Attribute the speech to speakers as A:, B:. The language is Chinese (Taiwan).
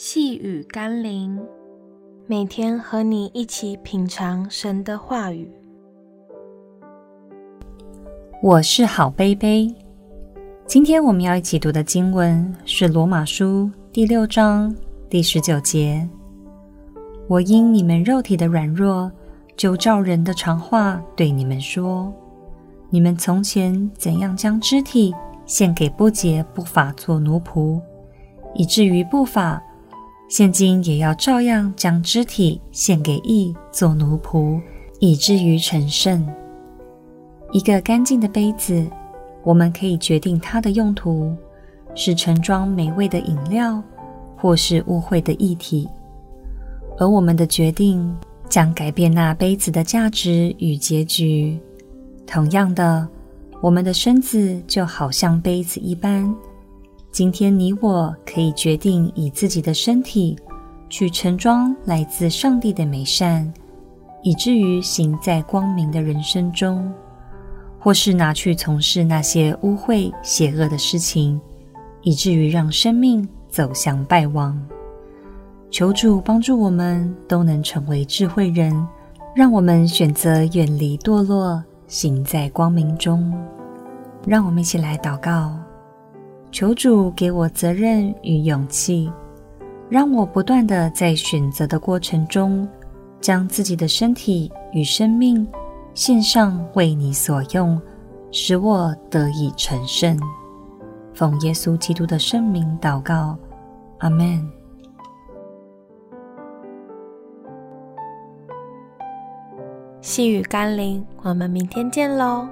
A: 細語甘霖，每天和你一起品嘗神的話語。我是好杯杯，今天我們要一起讀的經文是《羅馬書》第六章第十九節。我因你們肉體的軟弱，就照人的常話對你們說：你們從前怎樣將肢體獻給不潔不法作奴僕，以至於不法。現今也要照樣將肢體獻給義做奴僕，以至於成聖。一個乾淨的杯子，我們可以決定它的用途，是盛裝美味的飲料，或是污穢的液體。而我們的決定將改變那杯子的價值與結局。同樣的，我們的身子就好像杯子一般。今天，你我可以決定以自己的身體去盛裝來自上帝的美善，以至於行在光明的人生中；或是拿去從事那些污穢邪惡的事情，以至於讓生命走向敗亡。求主幫助我們都能成為智慧人，讓我們選擇遠離墮落，行在光明中。讓我們一起來禱告。求主給我責任與勇氣，讓我不斷地在選擇的過程中，將自己的身體與生命獻上為祢所用，使我得以成聖。奉耶穌基督的聖名禱告，阿門。細語甘霖，我們明天見嘍。